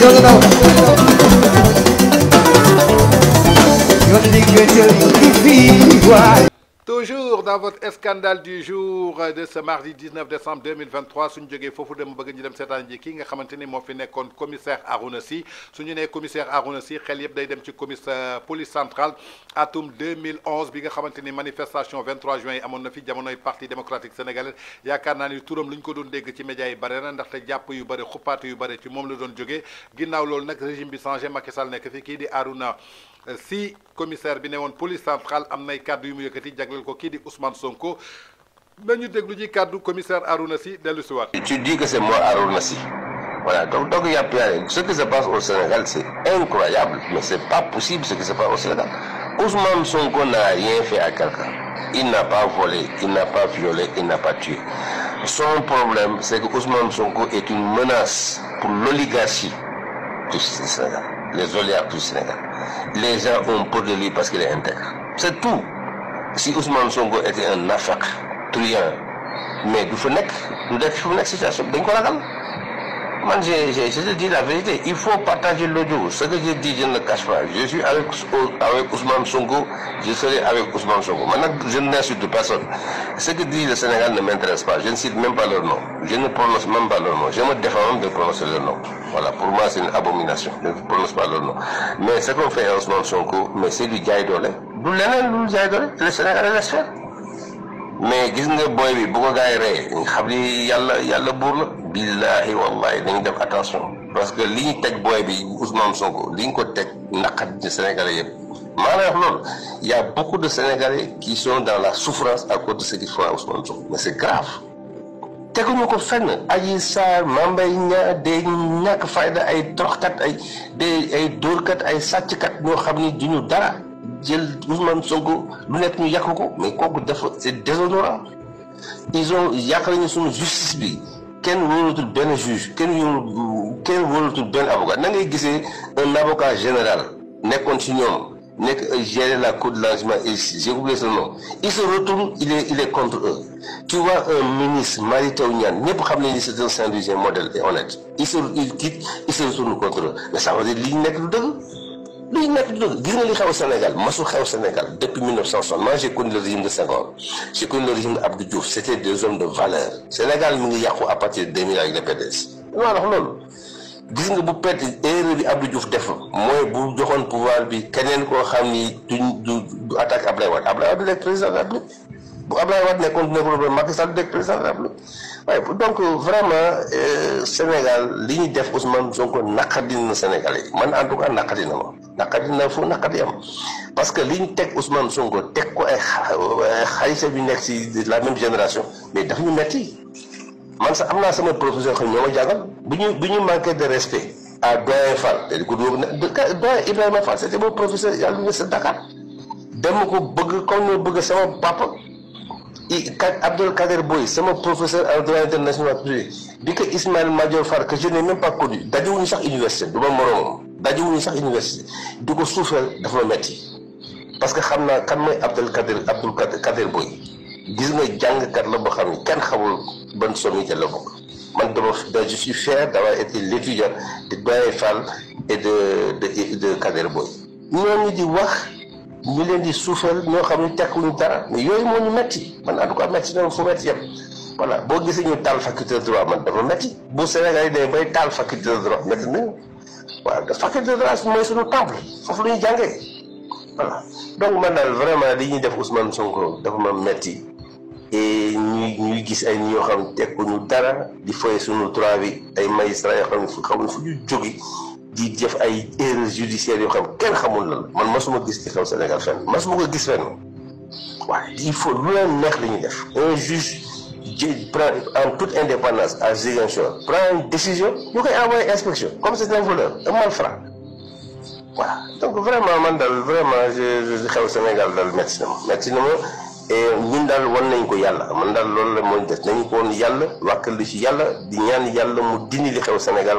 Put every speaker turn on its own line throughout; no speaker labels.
doesn't know. You're the good, you're
the toujours dans votre scandale du jour de ce mardi 19 décembre 2023 suñu jógee fofu dem bëgg ñu dem seetaan ji ki nga xamante mo fi nékkon commissaire Arouna Sy suñu né commissaire Arouna Sy xel yépp day dem ci commissaire police centrale atum 2011 bi nga xamante manifestation 23 juin amon na fi jamono parti démocratique sénégalais yaakaar naa ni turam luñ ko doon dégg ci média yi bare na té japp yu bare xupaat yu bare ci mom la doon jógee Ginnaw lool nak régime bi changé Macky Sall nekk fi ki di Arouna si commissaire bi police centrale am nay cadre yu mu yëkkati ko ki di Ousmane Sonko nañu déglu ci cadre commissaire Harouna Sy le soir tu dis que c'est moi Harouna voilà donc il y' a ce qui se passe
au Sénégal c'est incroyable mais c'est pas possible ce qui se passe au Sénégal Ousmane Sonko n'a rien fait à quelqu'un il n'a pas volé il n'a pas violé il n'a pas tué son problème c'est que Ousmane Sonko est une menace pour l'oligarchie du Sénégal les oléas du Sénégal. Les gens ont peur de lui parce qu'il est intègre. C'est tout. Si Ousmane Songo était un nafaq, truand, mais du fenêtre nous du nekk situation moi, je, dis la vérité. Il faut partager l'audio. Ce que je dis, je ne le cache pas. Je suis avec, avec Ousmane Sonko, je serai avec Ousmane Sonko. Maintenant, je n'insulte personne. Ce que dit le Sénégal ne m'intéresse pas. Je ne cite même pas leur nom. Je ne prononce même pas leur nom. Je me défends même de prononcer leur nom. Voilà, pour moi, c'est une abomination. Je ne prononce pas leur nom. Mais ce qu'on fait à Ousmane Sonko, mais c'est du Djaïdolé. l'avez le Sénégal laisse faire mais gis nga boy bi bu ko gars yi rey nga xam ni yàlla yàlla buur la. billahi wallahi dañu def attention. parce que li ñu teg booy bi Ousmane Sonko li ñu ko teg naqat ci Sénégalais yëpp maa lay wax loolu y' a beaucoup de Sénégalais qui sont dans la souffrance à cause de ce qu'ils font Ousmane Sonko mais c'est grave. teguñu ko fenn Adji Sarr mambay Mbaye Niang day ñàkk fayda ay toroxkat ay day ay dóorkat ay sàcckat ñoo xam ni duñu dara jël Ousmane Sonko lu nekk ñu yàq ko mais kooku dafa c'est déshonorable ils ont yàq nañu suñu justice bi kenn wóolatul benn juge kenn yu kenn wóolatul benn avocat na ngay gisee un avocat général nekkoon ci ñoom nekk gérer la cour de lancement et j'ai oublié son nom il se retourne il est il est contre eux tu vois un ministre Mary Teuw Niane ñëpp xam nañu ni c'est un saint modèle et honnête il se il quitte il se retourne contre eux mais ça veut dire li nekk lu luy nekk di dund gis nga li xew Sénégal masu au Sénégal depuis 1960 moi j'ai connu le régime de Senghor j'ai connu le régime Abdou Diouf c'était des hommes de valeur Sénégal mi ngi a à partir de 2000 avec le PDS Non, wax non. gis nga bu pet erreur bi Abdou Diouf def moy bu joxone pouvoir bi kenen ko xamni du attaque Ablaye Wade Ablaye Wade du président bu Ablaye Wade nekkoon dina ko Macky Sall dégg président Abdou waaye donc vraiment eh, Sénégal li ñu def Ousmane Sonko naqadi na Sénégalais man en tout cas naqadi na ma naqadi na fu naqadi am parce que li ñu teg Ousmane Sonko teg ko ay xarit bi nekk si la même génération mais daf ñu metti man sax amna naa sama professeur xam ñoo ma jàngal bu ñu bu ñu manqué de respect à doyen Fall te ko dóob na doyen Ibrahima Fall c'était mon professeur à l'université Dakar dama ko bëgg comme ñu bëgg sama papa Abdel Kader Boy sama professeur en droit international privé bi ko Ismaël Madior Fall que je n'ai même pas connu dajewuñu sax université du ma moroomam dajewuñu sax université di suufeel dafa ma metti parce que xam naa kan mooy Abdel Kader Abdul Kader Boy gis nga jàngkat la boo xam ne kenn xamul ban sommité la bokk man dama da je suis fier d'avoir été l'étudiant de Baye Fall et de Kader Boy ñooñu di wax. ñu leen di suufeel ñoo xam ne tekkuñu dara mais yooyu moo ñu metti man en tout cas metti na fu metti yëpp voilà boo gisee ñu taal faculté de droit man dafa metti bu Sénégal yi bay taal faculté de droit metti nañu waaw faculté de droit mooy suñu temple foofu la ñu jàngee donc man daal vraiment li ñuy def Ousmane Sonko dafa ma metti et ñuy ñuy gis ay ñoo xam ñu dara di foye suñu droit bi ay magistrat yoo xam ne fu ñu jógi di def ay erreurs judiciaires xam lan man masuma je ci au Sénégal au masuma il faut un juge en toute indépendance à prend une décision peut koy une inspection comme c'est un voleur un malfrat voilà donc vraiment vraiment je au Sénégal dans le Merci. la def Sénégal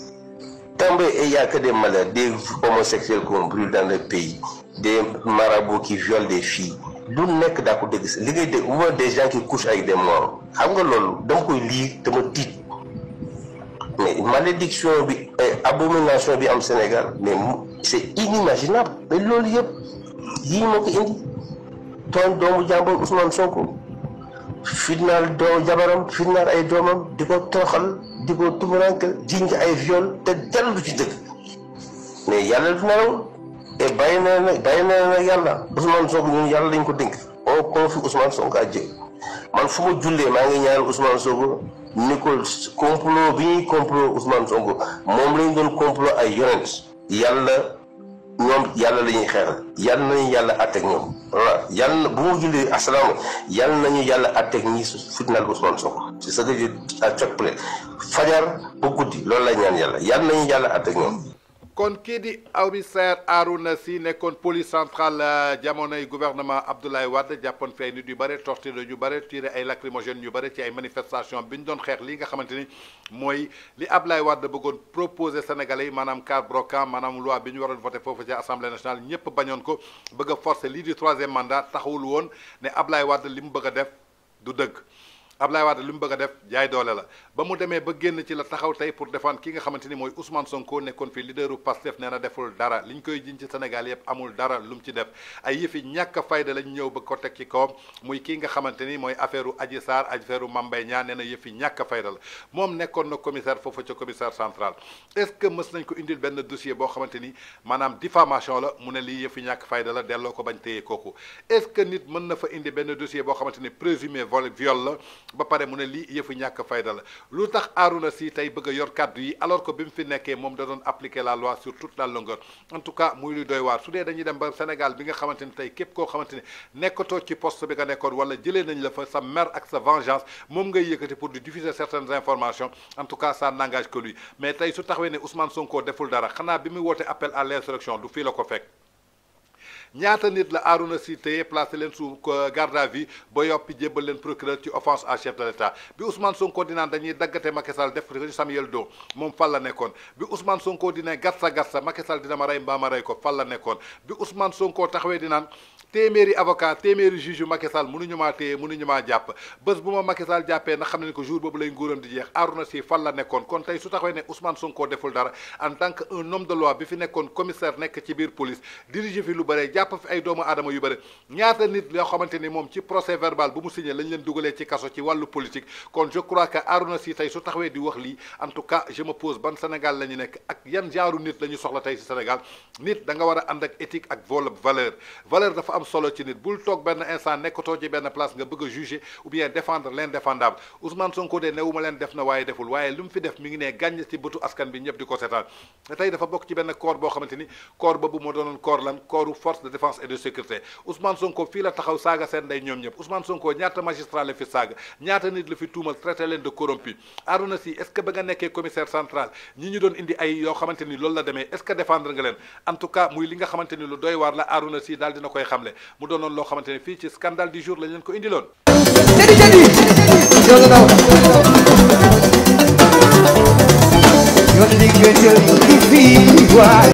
il n'y a que des malades, des homosexuels dans le pays, des marabouts qui violent des filles. Nous des gens qui couchent avec des morts des mais malédiction euh, abomination bi Sénégal mais c'est inimaginable mais Ousmane jabaram di ko tumuranke ay viol te dara du ci dëgg mais yàlla du nelawul et bàyyi na ne bàyyi na ne yàlla Ousmane Sonko ñun yàlla lañ ko dénk on confie Ousmane Sonko à Dieu man fu ma jullee maa ngi ñaanal Ousmane Sonko ni ko complot bi ñuy complot Ousmane Sonko moom lañ doon complot ay yonent yàlla ñoom yàlla la ñuy xeexal yàlla nañu yàlla àtteeg ñoom voilà yàlla na bu ma jullee asalaama yàlla nañu yàlla àtteeg ñi fitnaal Ousmane Sonko c'est ce que je à chaque fois fajar bu guddi loolu lay ñaan yàlla yàlla nañu yàlla àtteeg ñoom
kon kii di commissaire Arouna Sy nekkoon police centrale euh, jamonoy gouvernement Abdoulaye Wade jàppoon fi ay nit yu bare torturé du bare tiré ay lacrymogène du bare ci ay manifestation bi ñu doon xeex li nga xamante ni mooy li Abdoulaye Wade bëggoon proposé Sénégalais yi maanaam cadre brocamp maanaam loi bi ñu waroon voté foofu ci assemblée nationale ñëpp bañoon ko bëgg a forcé lii di troisième mandat taxawul woon ne Abdoulaye Wade li mu bëgg a def du dëgg Ablaye Wade li mu bëgg a def jaay doole la ba mu demee ba génn ci la taxaw tey pour défendre ki nga xamante ni mooy Ousmane Sonko nekkoon fi leaderu Pastef nee na deful dara li ñu koy jiñ ci Sénégal yëpp amul dara lu mu ci def ay yëfi ñàkk fayda lañ ñëw ba ko teg ci kawam muy ki nga xamante ni mooy affaire u Adji Sarr affaire u mambay Mbaye nee na yëfi ñàkk fayda la moom nekkoon na commissaire foofu ca commissaire central est-ce que mës nañ ko indil benn dossier boo xamante ni maanaam diffamation la mu ne lii yëfi ñàkk fayda la delloo ko bañ téye kooku est-ce que nit mën na fa indi benn dossier boo xamante ni présumé vol viol la ba paré mu ne lii yëfu ñàkk fayda la lu tax Arouna Sy bëgg yor kàddu yi alors que bimu fi nekké mom da doon appliquer la loi sur toute la longueur en tout cas muy lu doy war su dé dañuy dem ba Sénégal bi nga xamante tay képp ko xamante ni ci poste bi nga nekkoon wala jëlé nañ la fa sa mer ak sa vengeance mom ngay yëkkati pour diffuser certaines informations en tout cas ça n'engage que lui mais tay su taxawee né Ousmane Sonko deful dara xana bimu woté appel à l'insurrection du fii la ko fekk ñaata nit la aruna Sy téye placé len sous euh, garde à vue ba yoppi jébbal procureur ci offense à chef de l'État bi Ousmane Sonko dinaan dañuy daggate Macky Sall def ko Samuel Doe mon fan la nekkoon bi Ousmane Sonko dina gatsa gatsa Macky Sall dina ma rey mbaa ma ko la bi Ousmane Sonko taxawee téeméeri avocat téeméeri juge yu Macky Sall mënuñu maa téye mënuñu maa jàpp bés bu ma Macky Sall jàppee na xam ne ko jour boobu lay nguuram di jeex Arouna Sy fan la nekkoon kon tey su taxawee ne Ousmane Sonko deful dara en tant que un homme de loi bi fi nekkoon commissaire nekk ci biir police dirige fi lu bare jàpp fi ay doomu aadama yu bare ñaata nit yoo xamante ni moom ci procès verbal bu mu signé lañ leen dugalee ci kaso ci wàllu politique kon je crois que Arouna Sy tey su taxawee di wax lii en tout cas je me pose la ñu nekk ak yan genre nit la ñu soxla tey si Sénégal nit da nga war a ànd ak éthique ak valeur valeur dafa am solo ci nit bul toog benn instant nekkatoo ci benn place nga bëgg a ou bien défendre l'indéfendable Ousmane Sonko de newuma leen def na waaye deful waaye lu mu fi def mi ngi ne gàññ ci bëtu askan bi ñëpp di ko seetaan te tey dafa bokk ci benn corps boo xamante ni corps boobu moo doonoon corps lan corps force de défense et de sécurité Ousmane Sonko fii la taxaw saaga seen day ñoom ñëpp Ousmane Sonko ñaata magistrat la fi saaga ñaata nit la fi tuumal de mu doonoon loo xamante ne fii ci scandale di jour lañ leen ko indiloon. jadi jadi jangan tahu
You're the